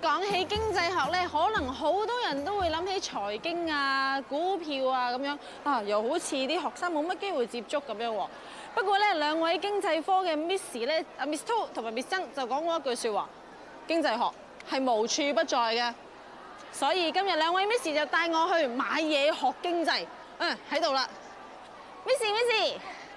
講起經濟學咧，可能好多人都會諗起財經啊、股票啊咁樣啊，又好似啲學生冇乜機會接觸咁樣。不過咧，兩位經濟科嘅 Miss 咧啊 Miss To 同埋 Miss 曾就講過一句説話：經濟學係無處不在嘅。所以今日兩位 Miss 就帶我去買嘢學經濟。嗯，喺度啦，Miss Miss，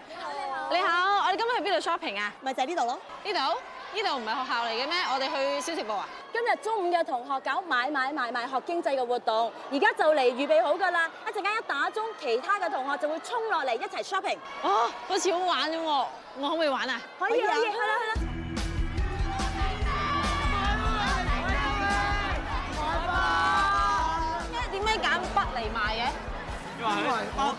你好你好，你好，你好，我哋今日去邊度 shopping 啊？咪就喺呢度咯，呢度。呢度唔係學校嚟嘅咩？我哋去小食部啊！今日中五嘅同學搞買買賣賣學經濟嘅活動，而家就嚟預備好噶啦！一陣間一打鐘，其他嘅同學就會衝落嚟一齊 shopping。哦，好似好玩咁喎，我可唔可以玩啊？可以啊，去啦去啦！咩點解揀筆嚟賣嘅？因為筆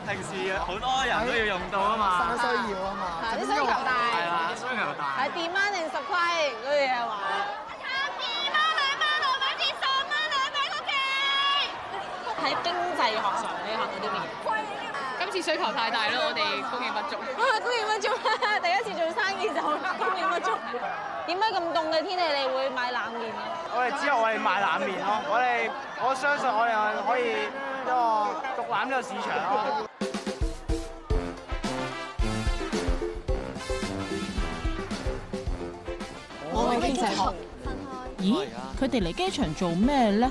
平時好多人都要用到啊嘛，學生需要啊嘛。喺經濟學上，你學到啲咩？了今次需求太大啦，我哋供應不足。哇，供應不足，第一次做生意就供應不足。點解咁凍嘅天氣你會買冷麵嘅？我哋只有我哋賣冷麵咯，我哋我相信我哋可以一個獨攬呢個市場咯。我係經濟學，分開海。咦？佢哋嚟機場做咩咧？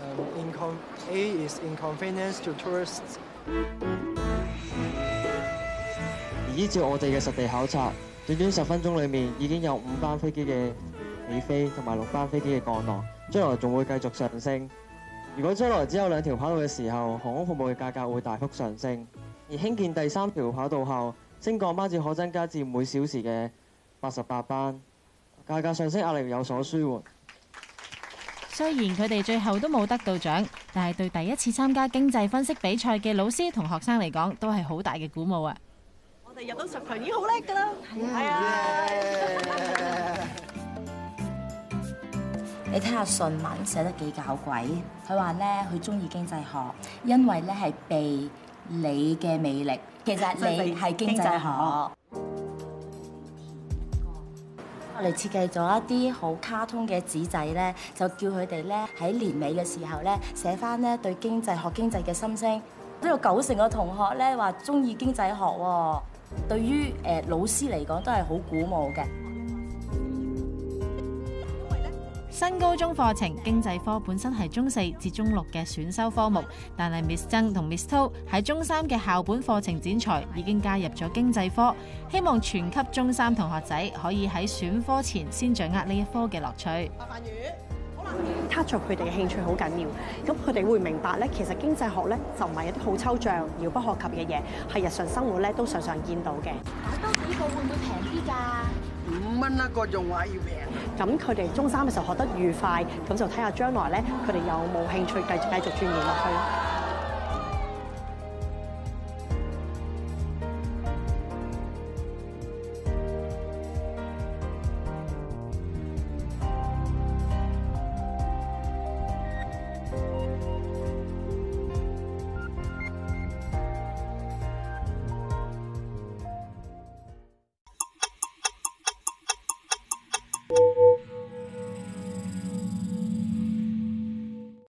Uh, Incon A is inconvenience to tourists。而依照我哋嘅實地考察，短短十分鐘裏面已經有五班飛機嘅起飛同埋六班飛機嘅降落，將來仲會繼續上升。如果將來只有兩條跑道嘅時候，航空服務嘅價格會大幅上升。而興建第三條跑道後，升降班次可增加至每小時嘅八十八班，價格上升壓力有所舒緩。雖然佢哋最後都冇得到獎，但係對第一次參加經濟分析比賽嘅老師同學生嚟講，都係好大嘅鼓舞啊！我哋入到十強已經好叻噶啦，係啊！你睇下信文寫得幾搞鬼，佢話呢，佢中意經濟學，因為呢係被你嘅魅力，其實你係經濟學。我哋設計咗一啲好卡通嘅紙仔咧，就叫佢哋咧喺年尾嘅時候咧寫翻咧對經濟學經濟嘅心聲，都有九成嘅同學咧話中意經濟學喎，對於誒老師嚟講都係好鼓舞嘅。新高中課程經濟科本身係中四至中六嘅選修科目，但係 Miss 曾同 Miss To 喺中三嘅校本課程剪裁已經加入咗經濟科，希望全級中三同學仔可以喺選科前先掌握呢一科嘅樂趣。八瓣魚好，touch 住佢哋嘅興趣好緊要。咁佢哋會明白咧，其實經濟學咧就唔係一啲好抽象、遙不可及嘅嘢，係日常生活咧都常常見到嘅。買多幾個會唔會平啲㗎？五蚊一個仲話要平。咁佢哋中三嘅時候學得愉快，咁就睇下將來咧，佢哋有冇興趣繼續繼續鑽研落去。